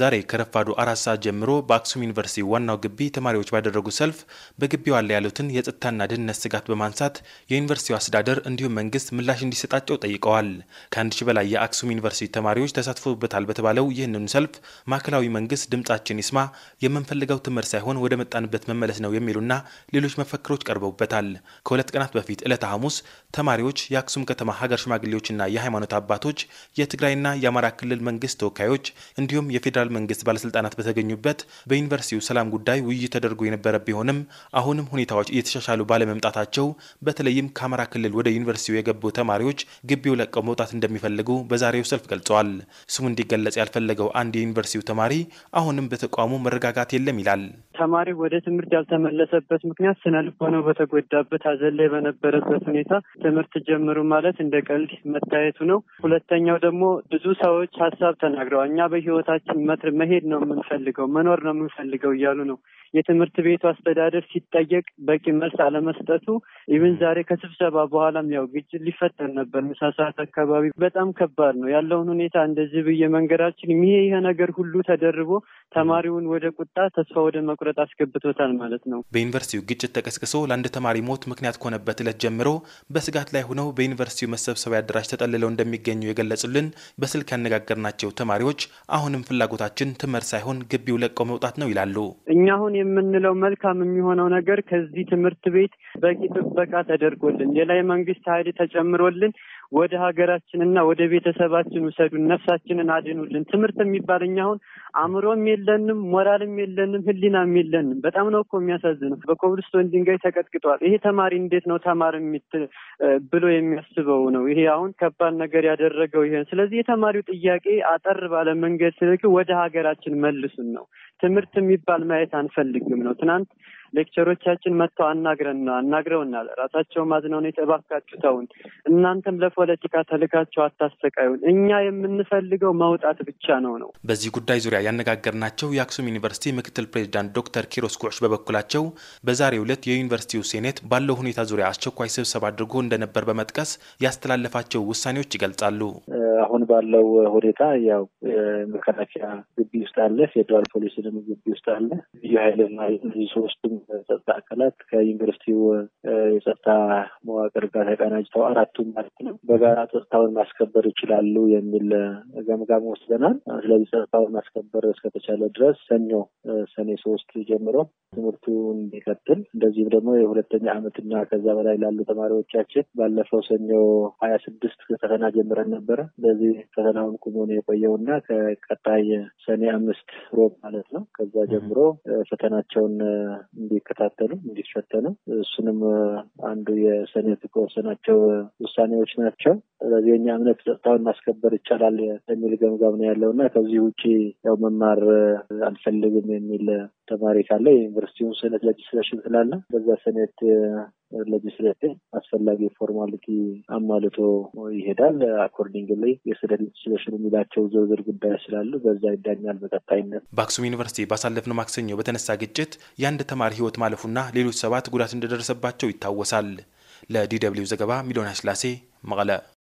ዛሬ ከረፋዱ አራት ሰዓት ጀምሮ በአክሱም ዩኒቨርሲቲ ዋናው ግቢ ተማሪዎች ባደረጉ ሰልፍ በግቢው አለ ያሉትን የጸጥታና ደህንነት ስጋት በማንሳት የዩኒቨርሲቲው አስተዳደር እንዲሁም መንግስት ምላሽ እንዲሰጣቸው ጠይቀዋል። ከአንድ ሺህ በላይ የአክሱም ዩኒቨርሲቲ ተማሪዎች ተሳትፎበታል በተባለው ይህንኑ ሰልፍ ማዕከላዊ መንግስት ድምጻችን ይስማ፣ የምንፈልገው ትምህርት ሳይሆን ወደ መጣንበት መመለስ ነው የሚሉና ሌሎች መፈክሮች ቀርበውበታል። ከሁለት ቀናት በፊት ዕለተ ሐሙስ ተማሪዎች፣ የአክሱም ከተማ ሀገር ሽማግሌዎችና የሃይማኖት አባቶች፣ የትግራይና የአማራ ክልል መንግስት ተወካዮች እንዲሁም የፌዴራል የፌዴራል መንግስት ባለስልጣናት በተገኙበት በዩኒቨርሲቲው ሰላም ጉዳይ ውይይት ተደርጎ የነበረ ቢሆንም አሁንም ሁኔታዎች እየተሻሻሉ ባለመምጣታቸው በተለይም ከአማራ ክልል ወደ ዩኒቨርሲቲው የገቡ ተማሪዎች ግቢው ለቀው መውጣት እንደሚፈልጉ በዛሬው ሰልፍ ገልጸዋል። ስሙ እንዲገለጽ ያልፈለገው አንድ የዩኒቨርሲቲው ተማሪ አሁንም በተቋሙ መረጋጋት የለም ይላል። ተማሪ ወደ ትምህርት ያልተመለሰበት ምክንያት ስነ ልቦናው በተጎዳበት ሐዘን ላይ በነበረበት ሁኔታ ትምህርት ጀምሩ ማለት እንደ ቀልድ መታየቱ ነው። ሁለተኛው ደግሞ ብዙ ሰዎች ሀሳብ ተናግረዋል። እኛ በህይወታችን መሄድ ነው የምንፈልገው፣ መኖር ነው የምንፈልገው እያሉ ነው። የትምህርት ቤቱ አስተዳደር ሲጠየቅ በቂ መልስ አለመስጠቱ ኢብን ዛሬ ከስብሰባ በኋላም ያው ግጭት ሊፈጠር ነበር ምሳ ሰዓት አካባቢ። በጣም ከባድ ነው ያለውን ሁኔታ እንደዚህ ብዬ መንገዳችን ይሄ ይሄ ነገር ሁሉ ተደርቦ ተማሪውን ወደ ቁጣ፣ ተስፋ ወደ መቁረጥ አስገብቶታል ማለት ነው። በዩኒቨርሲቲው ግጭት ተቀስቅሶ ለአንድ ተማሪ ሞት ምክንያት ከሆነበት እለት ጀምሮ በስጋት ላይ ሆነው በዩኒቨርሲቲው መሰብሰቢያ አዳራሽ ተጠልለው እንደሚገኙ የገለጹልን በስልክ ያነጋገርናቸው ተማሪዎች አሁንም ፍላጎት ፍላጎታችን ትምህርት ሳይሆን ግቢው ለቀው መውጣት ነው ይላሉ። እኛ አሁን የምንለው መልካም የሚሆነው ነገር ከዚህ ትምህርት ቤት በቂ ጥበቃ ተደርጎልን ሌላ የመንግስት ኃይል ተጨምሮልን ወደ ሀገራችንና ወደ ቤተሰባችን ውሰዱን፣ ነፍሳችንን አድኑልን። ትምህርት የሚባል እኛ አሁን አእምሮም የለንም፣ ሞራልም የለንም፣ ህሊናም የለንም። በጣም ነው እኮ የሚያሳዝነው። በኮብልስቶን ድንጋይ ተቀጥቅጧል። ይሄ ተማሪ እንዴት ነው ተማር ብሎ የሚያስበው ነው? ይሄ አሁን ከባድ ነገር ያደረገው ይሄ። ስለዚህ የተማሪው ጥያቄ አጠር ባለ መንገድ ወደ ሀገራችን መልሱን ነው። ትምህርት የሚባል ማየት አንፈልግም ነው ትናንት ሌክቸሮቻችን መጥተው አናግረና አናግረውናል። ራሳቸው ማዝነውን እባካችሁ ተውን፣ እናንተም ለፖለቲካ ተልካቸው አታሰቃዩን። እኛ የምንፈልገው መውጣት ብቻ ነው ነው። በዚህ ጉዳይ ዙሪያ ያነጋገርናቸው የአክሱም ዩኒቨርሲቲ ምክትል ፕሬዚዳንት ዶክተር ኪሮስ ኩዕሽ በበኩላቸው በዛሬው ዕለት የዩኒቨርሲቲው ሴኔት ባለው ሁኔታ ዙሪያ አስቸኳይ ስብሰባ አድርጎ እንደነበር በመጥቀስ ያስተላለፋቸው ውሳኔዎች ይገልጻሉ። አሁን ባለው ሁኔታ ያው መከላከያ ግቢ ውስጥ አለ፣ ፌዴራል ፖሊስንም ግቢ ውስጥ አለ። ልዩ ኃይልና እነዚህ ሶስቱም ጸጥታ አካላት ከዩኒቨርሲቲው የጸጥታ መዋቅር ጋር ተቀናጅተው አራቱም ማለት ነው በጋራ ጸጥታውን ማስከበር ይችላሉ የሚል ገምጋም ወስደናል። ስለዚህ ጸጥታውን ማስከበር እስከተቻለ ድረስ ሰኞ ሰኔ ሶስት ጀምሮ ትምህርቱ እንዲቀጥል እንደዚህም ደግሞ የሁለተኛ ዓመትና ከዛ በላይ ላሉ ተማሪዎቻችን ባለፈው ሰኞ ሀያ ስድስት ፈተና ጀምረን ነበረ። ስለዚህ ፈተናውን ቁሞ ነው የቆየው እና ከቀጣይ ሰኔ አምስት ሮብ ማለት ነው ከዛ ጀምሮ ፈተናቸውን እንዲከታተሉ እንዲፈተኑ እሱንም አንዱ የሰኔ ከወሰናቸው ውሳኔዎች ናቸው። ስለዚህ የኛ እምነት ጸጥታውን ማስከበር ይቻላል የሚል ገምጋም ነው ያለው እና ከዚህ ውጭ ያው መማር አልፈልግም የሚል ተማሪ ካለ የዩኒቨርሲቲውን ሴኔት ሌጅስሌሽን ስላለ በዛ ሴኔት ሌጅስሌሽን አስፈላጊ ፎርማሊቲ አሟልቶ ይሄዳል። ላይ የስደት ሌጅስሌሽን የሚላቸው ዝርዝር ጉዳይ ስላሉ በዛ ይዳኛል በቀጣይነት። በአክሱም ዩኒቨርሲቲ ባሳለፍነው ማክሰኞ በተነሳ ግጭት የአንድ ተማሪ ህይወት ማለፉና ሌሎች ሰባት ጉዳት እንደደረሰባቸው ይታወሳል። ለዲ ደብልዩ ዘገባ ሚሊዮን ስላሴ መቀለ